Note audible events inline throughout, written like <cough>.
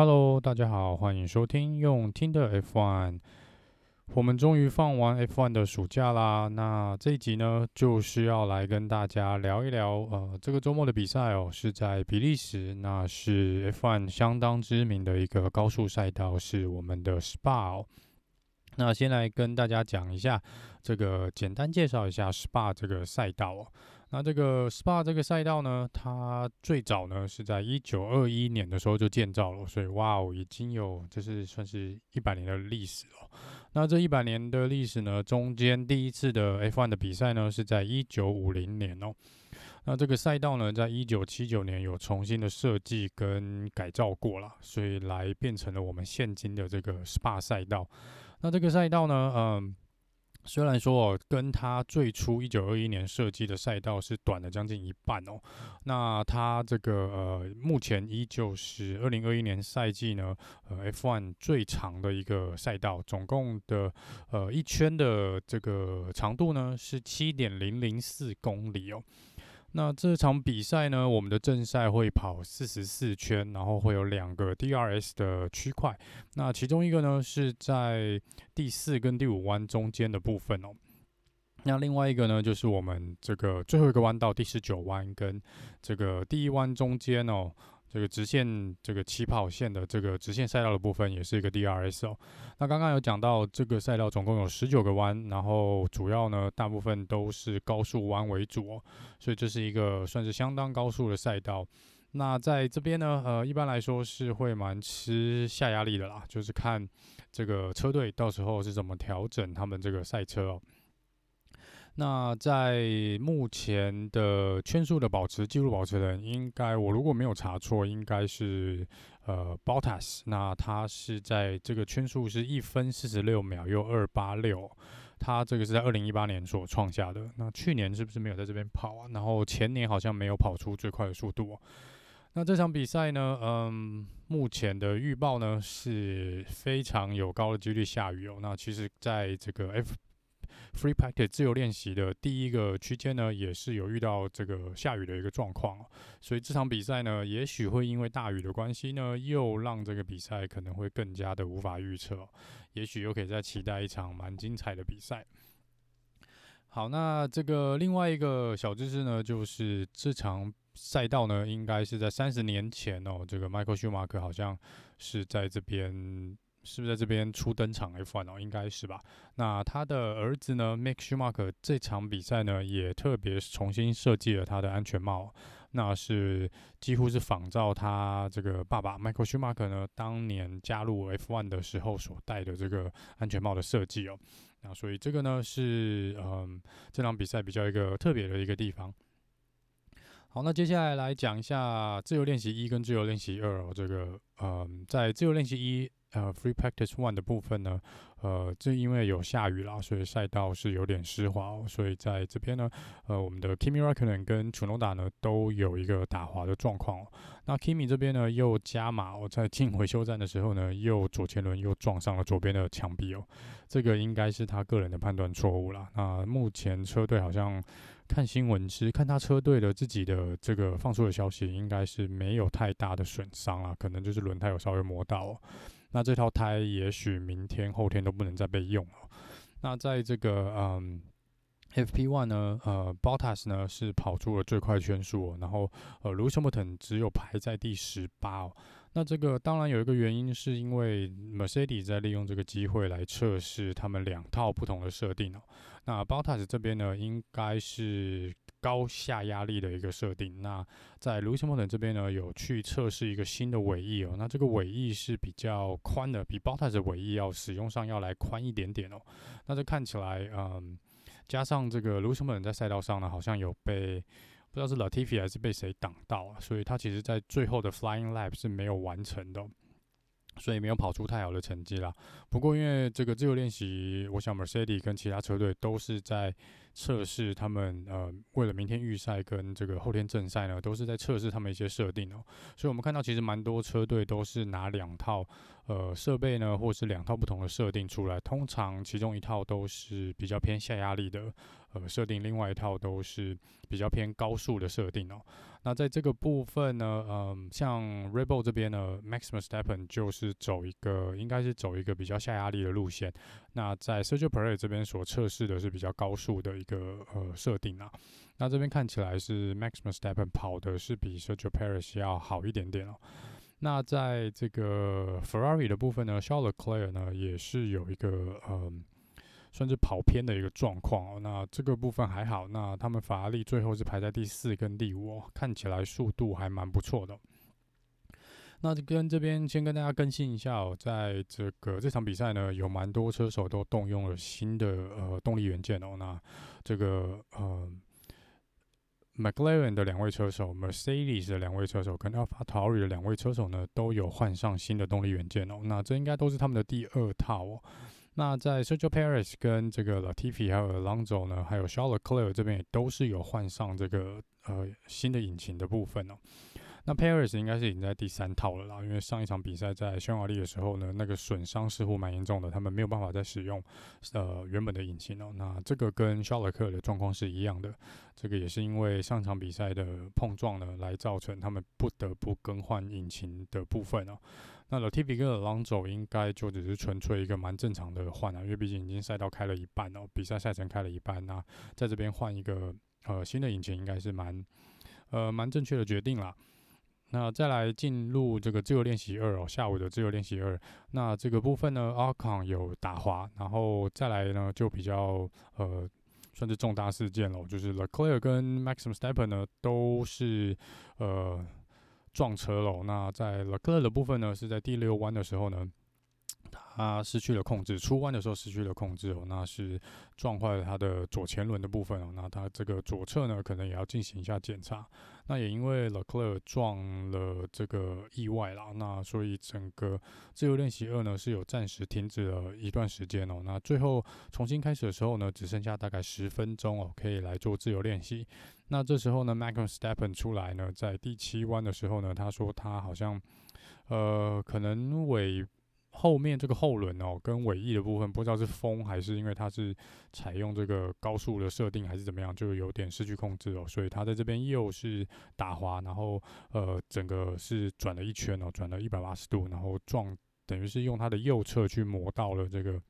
Hello，大家好，歡迎收聽用聽的 F1。我們終於放完 F1 的暑假啦，那這一集呢，就是要來跟大家聊一聊，呃，這個週末的比賽哦，是在比利時，那是 F1 相當知名的一個高速賽道，是我們的 SPA 哦。那先來跟大家講一下，這個簡單介紹一下 SPA 這個賽道哦。那這個 Spa 這個賽道呢，它最早呢是在一九二一年的時候就建造了，所以哇哦，已經有就是算是一百年的歷史了。那這一百年的歷史呢，中間第一次的 F1 的比賽呢是在一九五零年哦、喔。那這個賽道呢，在一九七九年有重新的設計跟改造過了，所以來變成了我們現今的這個 Spa 賽道。那這個賽道呢，嗯。雖然說哦跟他最初一九二一年設計的賽道是短了將近一半哦，那他這個呃目前依舊是二零二一年賽季呢，呃 F 一最長的一個賽道，總共的呃一圈的這個長度呢是七點零零四公里哦。那這場比賽呢，我們的正賽會跑四十四圈，然後會有兩個 DRS 的區塊。那其中一個呢是在第四跟第五彎中間的部分哦。那另外一個呢，就是我們這個最後一個彎道第十九彎跟這個第一彎中間哦。這個直線，這個起跑線的這個直線賽道的部分，也是一個 DRS 哦。那剛剛有講到，這個賽道總共有十九個彎，然後主要呢，大部分都是高速彎為主哦。所以這是一個算是相當高速的賽道。那在這邊呢，呃，一般來說是會蠻吃下壓力的啦，就是看這個車隊到時候是怎麼調整他們這個賽車哦。那在目前的圈數的保持記錄保持的人應，應該我如果沒有查錯，應該是呃 Bottas。As, 那他是在這個圈數是一分四十六秒又二八六，他這個是在二零一八年所創下的。那去年是不是沒有在這邊跑啊？然後前年好像沒有跑出最快的速度，喔。那這場比賽呢，嗯，目前的預報呢是非常有高的幾率下雨哦，喔。那其實在這個 F。Free practice 自由練習的第一個區間呢，也是有遇到這個下雨的一個狀況，所以這場比賽呢，也許會因為大雨的關係呢，又讓這個比賽可能會更加的無法預測，也許又可以再期待一場蠻精彩的比賽。好，那這個另外一個小知識呢，就是這場賽道呢，應該是在三十年前哦，這個 Michael Schumacher 好像是在這邊。是不是在這邊初登場 F one 哦，應該是吧。那他的兒子呢 Mick Schumacher 這場比賽呢，也特別重新設計了他的安全帽，那是幾乎是仿照他這個爸爸 Michael Schumacher 呢當年加入 F one 的時候所戴的這個安全帽的設計哦。那所以這個呢是嗯，這場比賽比較一個特別的一個地方。好，那接下來來講一下自由練習一跟自由練習二。這個嗯、呃，在自由練習一呃 （Free Practice One） 的部分呢，呃，正因為有下雨啦，所以賽道是有點濕滑哦。所以在這邊呢，呃，我們的 Kimi Raikkonen 跟 Tsunoda 呢都有一個打滑的狀況，哦。那 Kimi 這邊呢又加碼，哦，在進回修站的時候呢，又左前輪又撞上了左邊的牆壁哦。這個應該是他個人的判斷錯誤了。那目前車隊好像。看新聞其實看他車隊的自己的這個放出的消息，應該是沒有太大的損傷啊，可能就是輪胎有稍微磨到、喔，那這套胎也許明天後天都不能再被用了。那在這個嗯，FP1 呢，呃，Bottas 呢是跑出了最快圈速、喔，然後呃 Lewis Hamilton 只有排在第十八哦。那這個當然有一個原因，是因為 Mercedes 在利用這個機會來測試他們兩套不同的設定哦。那 Bottas 這邊呢，應該是高下壓力的一個設定。那在 Lewis Hamilton 這邊呢，有去測試一個新的尾翼哦。那這個尾翼是比較寬的，比 Bottas 尾翼要使用上要來寬一點點哦。那這看起來，嗯，加上這個 Lewis Hamilton 在賽道上呢，好像有被。不知道是 Latifi 還是被誰擋到，所以他其實在最後的 Flying Lap 是沒有完成的，所以沒有跑出太好的成績啦。不過因為這個自由練習，我想 Mercedes 跟其他車隊都是在。測試他們呃，為了明天預賽跟這個後天正賽呢，都是在測試他們一些設定哦、喔。所以我們看到其實蠻多車隊都是拿兩套呃設備呢，或是兩套不同的設定出來。通常其中一套都是比較偏下壓力的呃設定，另外一套都是比較偏高速的設定哦、喔。那在這個部分呢，嗯、呃，像 Red Bull 這邊呢，Max Verstappen 就是走一個應該是走一個比較下壓力的路線。那在 Sergio Perez 這邊所測試的是比較高速的。一個呃設定啊，那這邊看起來是 Max Verstappen 跑的是比 Sergio Perez 要好一點點哦。那在這個 Ferrari 的部分呢 Charles Leclerc 呢也是有一個呃，算是跑偏的一個狀況哦。那這個部分還好，那他們法拉利最後是排在第四跟第五、哦，看起來速度還蠻不錯的。那跟這邊先跟大家更新一下哦，在這個這場比賽呢，有蠻多車手都動用了新的呃動力元件哦，那。這個呃，McLaren 的兩位車手，Mercedes 的兩位車手，跟 AlphaTauri 的兩位車手呢，都有換上新的動力元件哦。那這應該都是他們的第二套哦。那在 Sergio Perez 跟這個 Latifi 還有 Alonso 呢，還有 Charles Leclerc 這邊也都是有換上這個呃新的引擎的部分哦。那 Paris 應該是已經在第三套了啦，因為上一場比賽在匈牙利的時候呢，那個損傷似乎蠻嚴重的，他們沒有辦法再使用呃原本的引擎了、喔。那這個跟 Leclerc 的狀況是一樣的，這個也是因為上一場比賽的碰撞呢來造成他們不得不更換引擎的部分哦、喔。那 l t p g 的 l o n g 應該就只是純粹一個蠻正常的換啊，因為畢竟已經賽道開了一半哦、喔，比賽賽程開了一半、啊，那在這邊換一個呃新的引擎應該是蠻呃蠻正確的決定啦。那再來進入這個自由練習二哦，下午的自由練習二。那這個部分呢，阿康有打滑，然後再來呢就比較呃，算是重大事件嘍，就是 Leclerc 跟 Max Verstappen 呢都是呃撞車嘍。那在 Leclerc 的部分呢，是在第六彎的時候呢。他失去了控制，出彎的時候失去了控制哦，那是撞壞了他的左前輪的部分哦。那他這個左側呢，可能也要進行一下檢查。那也因為勒克萊爾撞了這個意外啦，那所以整個自由練習二呢是有暫時停止了一段時間哦。那最後重新開始的時候呢，只剩下大概十分鐘哦，可以來做自由練習。那這時候呢，Max Verstappen 出來呢，在第七彎的時候呢，他說他好像，呃，可能尾。後面這個後輪哦，跟尾翼的部分，不知道是風還是因為它是採用這個高速的設定還是怎麼樣，就有點失去控制哦、喔，所以它在這邊又是打滑，然後呃整個是轉了一圈哦，轉了一百八十度，然後撞，等於是用它的右側去磨到了這個。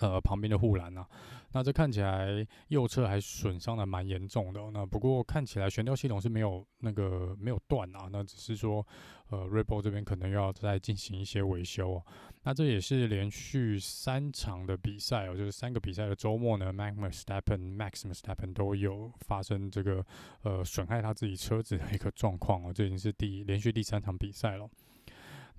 呃，旁邊的護欄啊，那這看起來右側還損傷的蠻嚴重的、哦。那不過看起來懸吊系統是沒有那個沒有斷啊，那只是說呃 r e p e l 這邊可能要再進行一些維修、哦。那這也是連續三場的比賽哦，就是三個比賽的週末呢，Max m e r s t a p p e n Max m e r s t a p p e n 都有發生這個呃損害他自己車子的一個狀況哦，這已經是第連續第三場比賽了。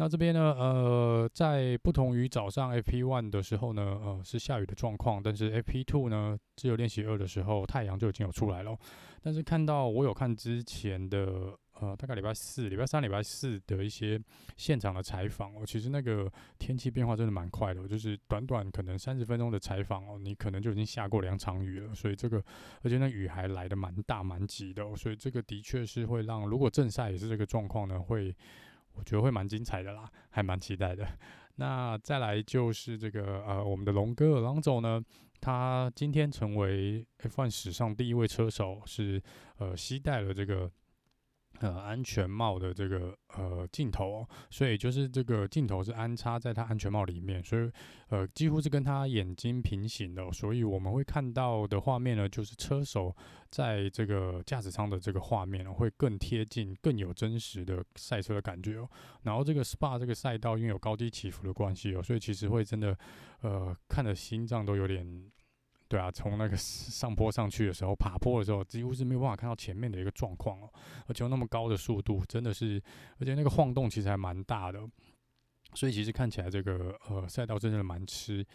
那這邊呢，呃，在不同於早上 FP One 的時候呢，呃，是下雨的狀況。但是 FP Two 呢，只有練習二的時候，太陽就已經有出來了哦。但是看到我有看之前的，呃，大概禮拜四、禮拜三、禮拜四的一些現場的採訪，哦，其實那個天氣變化真的蠻快的，就是短短可能三十分鐘的採訪哦，你可能就已經下過兩場雨了。所以這個，而且那雨還來得蠻大蠻急的哦，所以這個的確是會讓，如果正賽也是這個狀況呢，會。我覺得會蠻精彩的啦，還蠻期待的。那再來就是這個呃，我們的龍哥 Lando 呢，他今天成為 F1 史上第一位車手，是呃，攜帶了這個。呃，安全帽的這個呃鏡頭哦，所以就是這個鏡頭是安插在他安全帽裡面，所以呃幾乎是跟他眼睛平行的哦，所以我們會看到的畫面呢，就是車手在這個駕駛艙的這個畫面哦，會更貼近，更有真實的賽車的感覺哦。然後這個 Spa 這個賽道因為有高低起伏的關係哦，所以其實會真的呃看得心臟都有點。對啊，從那個上坡上去的時候，爬坡的時候，幾乎是沒有辦法看到前面的一個狀況哦，而且有那麼高的速度，真的是，而且那個晃動其實還蠻大的，所以其實看起來這個呃賽道真的蠻吃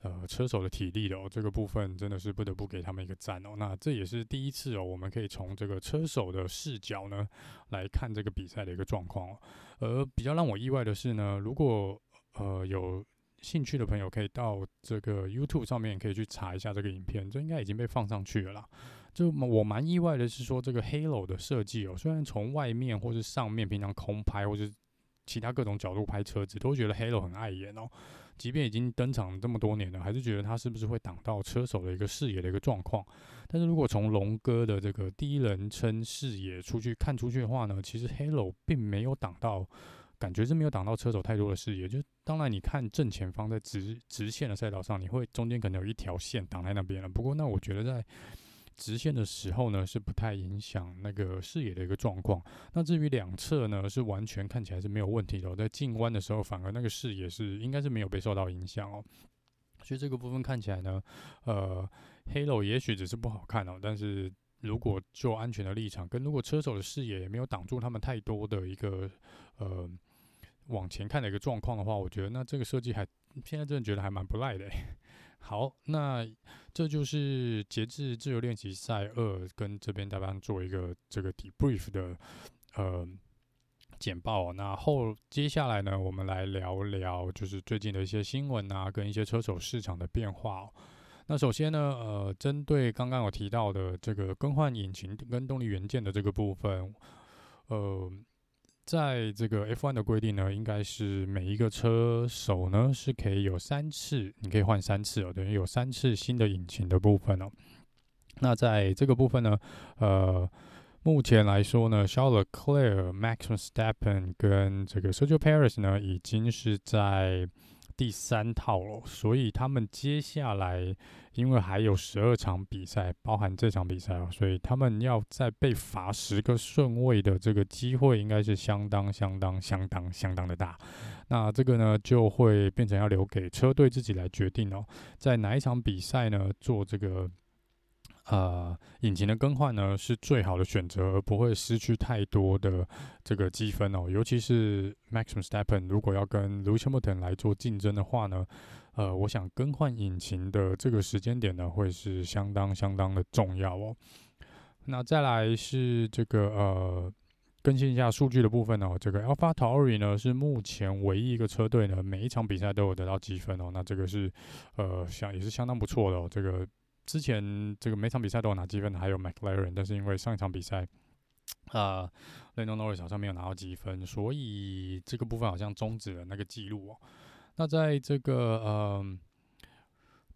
呃車手的體力的哦，這個部分真的是不得不給他們一個讚哦。那這也是第一次哦，我們可以從這個車手的視角呢來看這個比賽的一個狀況哦。而呃比較讓我意外的是呢，如果呃有。興趣的朋友可以到這個 YouTube 上面可以去查一下這個影片，這應該已經被放上去了啦。就我蠻意外的是說，這個 Halo 的設計哦，雖然從外面或者上面平常空拍或者其他各種角度拍車子，都覺得 Halo 很礙眼哦。即便已經登場這麼多年了，還是覺得它是不是會擋到車手的一個視野的一個狀況。但是如果從龍哥的這個第一人稱視野出去看出去的話呢，其實 Halo 並沒有擋到，感覺是沒有擋到車手太多的視野，就。當然，你看正前方在直直線的賽道上，你會中間可能有一條線擋在那邊了。不過，那我覺得在直線的時候呢，是不太影響那個視野的一個狀況。那至於兩側呢，是完全看起來是沒有問題的、哦。在進彎的時候，反而那個視野是應該是沒有被受到影響哦。所以這個部分看起來呢，呃，Halo 也許只是不好看哦。但是如果就安全的立場，跟如果車手的視野也沒有擋住他們太多的一個呃。往前看的一個狀況的話，我覺得那這個設計還，現在真的覺得還蠻不賴的。好，那這就是截至自由練習賽二跟這邊大班做一個這個 debrief 的呃簡報。那後接下來呢，我們來聊聊就是最近的一些新聞啊，跟一些車手市場的變化。那首先呢，呃，針對剛剛我提到的這個更換引擎跟動力元件的這個部分，呃。在這個 F1 的規定呢，應該是每一個車手呢是可以有三次，你可以換三次哦，等於有三次新的引擎的部分哦。那在這個部分呢，呃，目前來說呢，Charles Leclerc、Max Verstappen 跟這個 Sergio Perez 呢，已經是在。第三套了，哦，所以他們接下來，因為還有十二場比賽，包含這場比賽哦，所以他們要再被罰十個順位的這個機會，應該是相當相當相當相當的大。嗯、那這個呢，就會變成要留給車隊自己來決定哦，在哪一場比賽呢做這個。呃，引擎的更換呢，是最好的選擇，而不會失去太多的這個積分哦。尤其是 Max Verstappen 如果要跟 Lewis Hamilton 來做競爭的話呢，呃，我想更換引擎的這個時間點呢，會是相當相當的重要哦。那再來是這個呃，更新一下數據的部分呢，哦，這個 Alpha Tauri 呢是目前唯一一個車隊呢，每一場比賽都有得到積分哦。那這個是呃，想也是相當不錯的哦，這個。之前這個每場比賽都有拿積分的，還有 McLaren，但是因為上一場比賽，呃 Lando Norris 好像沒有拿到積分，所以這個部分好像終止了那個記錄哦。那在這個呃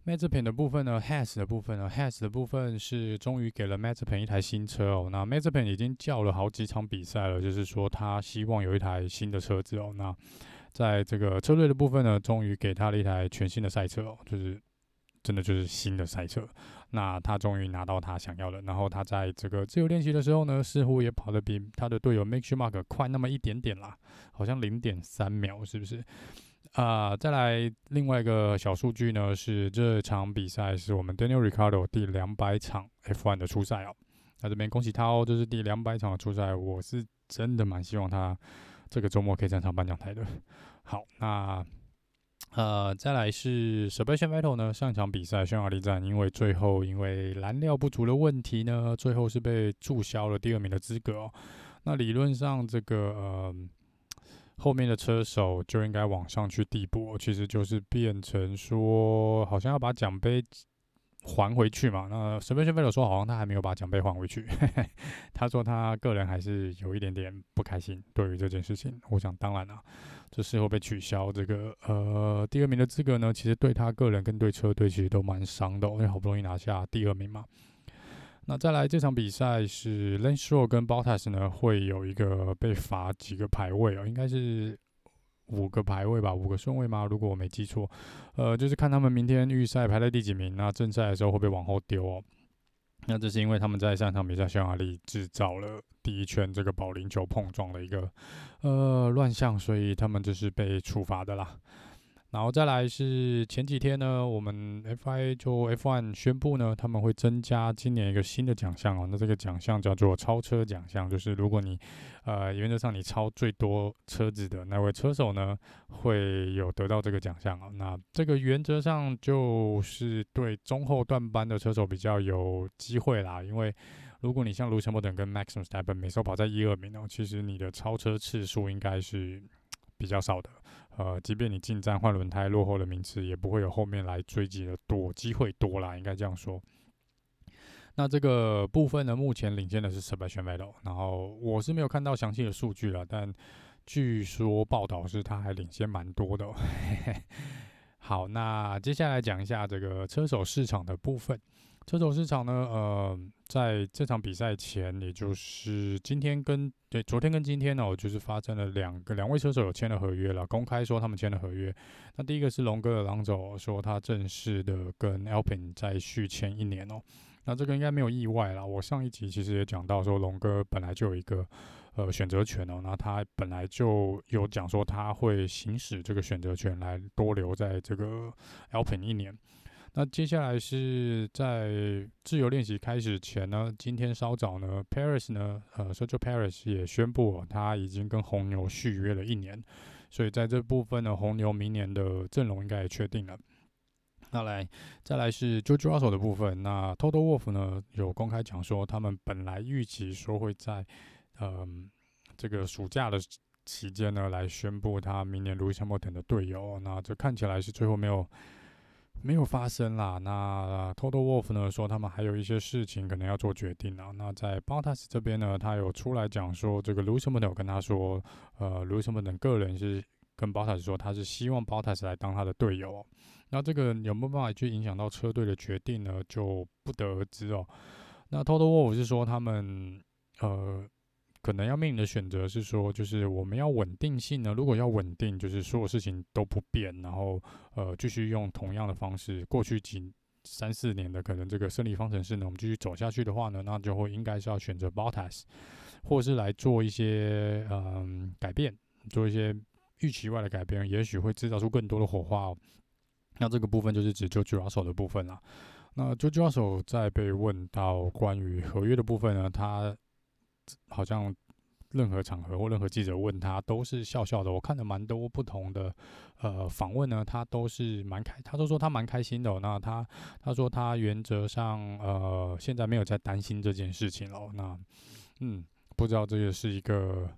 Mazepin 的部分呢，Haas 的部分呢，Haas 的部分是終於給了 Mazepin 一台新車哦。那 Mazepin 已經叫了好幾場比賽了，就是說他希望有一台新的車子哦。那在這個車隊的部分呢，終於給他了一台全新的賽車哦，就是。真的就是新的賽車，那他終於拿到他想要的。然後他在這個自由練習的時候呢，似乎也跑得比他的隊友 Mick Schumacher 快那麼一點點啦，好像零點三秒，是不是？啊、呃，再來另外一個小數據呢，是這場比賽是我們 Daniel Ricciardo 第兩百場 F1 的出賽哦。那這邊恭喜他哦，這、就是第兩百場的出賽，我是真的蠻希望他這個周末可以站上頒獎台的。好，那。呃，再來是 Sebastian Vettel 呢，上一場比賽匈牙利站，戰因為最後因為燃料不足的問題呢，最後是被注銷了第二名的資格喔。那理論上，這個呃後面的車手就應該往上去遞補，其實就是變成說，好像要把獎杯還回去嘛。那 Sebastian Vettel 說，好像他還沒有把獎杯還回去， <laughs> 他說他個人還是有一點點不開心，對於這件事情，我想當然了。這時候被取消，這個呃第二名的資格呢，其實對他個人跟對車隊其實都蠻傷的哦，因為好不容易拿下第二名嘛。那再來這場比賽是 Lance Stroll 跟 Bottas 呢，會有一個被罰幾個排位啊哦？應該是五個排位吧，五個順位嗎？如果我沒記錯，呃，就是看他們明天預賽排在第幾名，那正賽的時候會被往後丟哦。那這是因為他們在上場比賽匈牙利，製造了第一圈這個保齡球碰撞的一個呃亂象，所以他們就是被處罰的啦。然後再來是前幾天呢，我們 F I A 就 F1 宣布呢，他們會增加今年一個新的獎項哦。那這個獎項叫做超車獎項，就是如果你，呃，原則上你超最多車子的那位車手呢，會有得到這個獎項哦。那這個原則上就是對中後段班的車手比較有機會啦，因為如果你像盧森伯等跟 Max Verstappen 每週跑在一二名哦，其實你的超車次數應該是比較少的。呃，即便你進站換輪胎落後的名次，也不會有後面來追擊的多機會多啦，應該這樣說。那這個部分呢，目前領先的是塞巴斯蒂安·維特爾，然後我是沒有看到詳細的數據了，但據說報道是他還領先蠻多的喔。 <laughs> 好，那接下來講一下這個車手市場的部分。車手市場呢，呃，在這場比賽前，也就是今天跟對昨天跟今天呢、喔，就是發生了兩個兩位車手有簽了合約了，公開說他們簽了合約。那第一個是龍哥的 Alonso 說他正式的跟 Alpine 再續簽一年哦、喔。那這個應該沒有意外啦，我上一集其實也講到說，龍哥本來就有一個呃選擇權哦、喔，那他本來就有講說他會行使這個選擇權來多留在這個 Alpine 一年。那接下來是在自由練習開始前呢，今天稍早呢，Paris 呢，呃 Sergio Paris 也宣布，他已經跟紅牛續約了一年，所以在這部分呢，紅牛明年的陣容應該也確定了。那來，再來是 George Russell 的部分，那 Toto Wolff 呢，有公開講說，他們本來預期說會在，嗯、呃，這個暑假的期間呢，來宣布他明年 Lewis Hamilton 的隊友，那這看起來是最後沒有。沒有發生啦。那 Total Wolf 呢，說他們還有一些事情可能要做決定呢、啊、那在 Bottas 這邊呢，他有出來講說，這個 Lucas 等人有跟他說，呃，Lucas 等個人是跟 Bottas 說，他是希望 Bottas 來當他的隊友。那這個有沒有辦法去影響到車隊的決定呢？就不得而知哦。那 Total Wolf 是說他們呃。可能要面臨的選擇是說，就是我們要穩定性呢？如果要穩定，就是所有事情都不變，然後呃繼續用同樣的方式，過去近三四年的可能這個勝利方程式呢，我們繼續走下去的話呢，那就會應該是要選擇 Bottas，或者是來做一些嗯改變，做一些預期外的改變，也許會制造出更多的火花，哦。那這個部分就是指 Jojo Russell 的部分啦。那 Jojo Russell 在被問到關於合約的部分呢，他。好像任何場合或任何記者問他，都是笑笑的。我看了蠻多不同的呃訪問呢，他都是蠻開，他都說他蠻開心的哦。那他他說他原則上呃現在沒有在擔心這件事情了哦。那嗯，不知道這個是一個。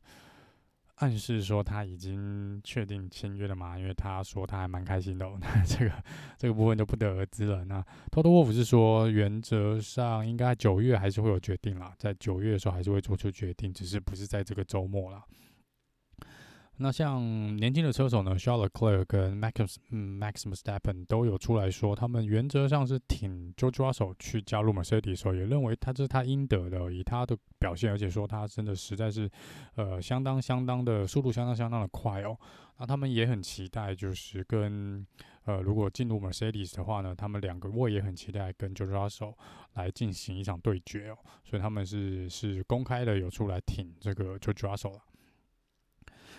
暗示說他已經確定簽約了嘛？因為他說他還蠻開心的、喔。那 <laughs> 這個這個部分就不得而知了。那 Toto Wolff 是說，原則上應該九月還是會有決定啦，在九月的時候還是會做出決定，只是不是在這個周末了。那像年輕的車手呢 us,、嗯，肖爾克爾跟 m a x i m e 跟 m a x m m x s t e p e n 都有出來說，他們原則上是挺 Jojo Russell 去加入 Mercedes 的、喔、時候，也認為他是他應得的，以他的表現，而且說他真的實在是，呃，相當相當的速度，相當相當的快哦、喔。那他們也很期待，就是跟呃，如果進入 Mercedes 的話呢，他們兩個我也很期待跟 Jojo Russell 來進行一場對決哦、喔。所以他們是是公開的有出來挺這個 Jojo Russell 了。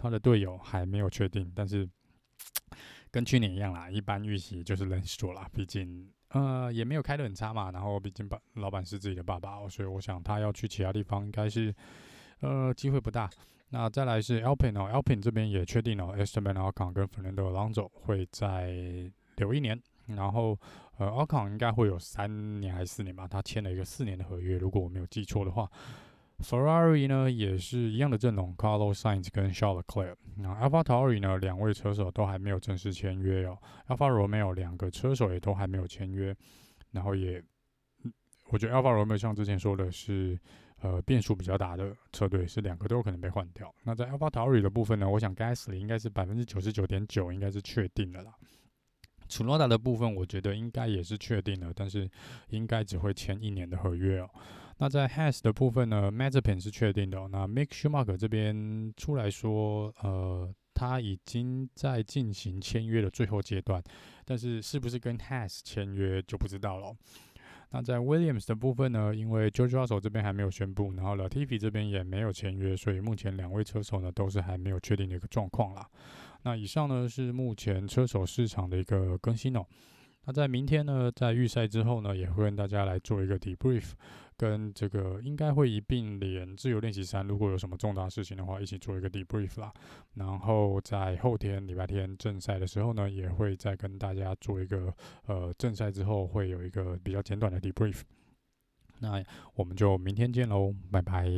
他的隊友還沒有確定，但是跟去年一樣啦，一般預期就是 Lance Stroll 了。畢竟呃也沒有開得很差嘛，然後畢竟老老闆是自己的爸爸，喔，所以我想他要去其他地方應，應該是呃機會不大。那再來是 Alpine 哦、喔，Alpine 這邊也確定了，Esteban Ocon 跟 Fernando Alonso 會再留一年，然後呃 Ocon 應該會有三年還是四年吧，他簽了一個四年的合約，如果我沒有記錯的話。 <music> Ferrari 呢，也是一樣的陣容，Carlos Sainz 跟 Charles Leclerc。那 Alpha Tauri 呢，兩位車手都還沒有正式簽約哦。Alfa Romeo 兩個車手也都還沒有簽約，然後也，我覺得 Alfa Romeo 像之前說的是，呃，變數比較大的車隊，是兩個都有可能被換掉。那在 Alpha Tauri 的部分呢，我想 Gasly 應該是百分之九十九點九，應該是確定的啦。Tsunoda 的部分，我覺得應該也是確定的，但是應該只會簽一年的合約哦。那在 Haas 的部分呢，Mazepin 是確定的哦。那 Mick Schumacher 這邊出來說，呃，他已經在進行簽約的最後階段，但是是不是跟 Haas 簽約就不知道了哦。那在 Williams 的部分呢，因為 George Russell 這邊還沒有宣布，然後 Latifi 這邊也沒有簽約，所以目前兩位車手呢都是還沒有確定的一個狀況啦。那以上呢是目前車手市場的一個更新哦。那在明天呢，在預賽之後呢，也會跟大家來做一個 Debrief。跟這個應該會一併連自由練習三。如果有什麼重大事情的話，一起做一個 debrief 啦。然後在後天禮拜天正賽的時候呢，也會再跟大家做一個呃，正賽之後會有一個比較簡短的 debrief。那我們就明天見嘍，拜拜。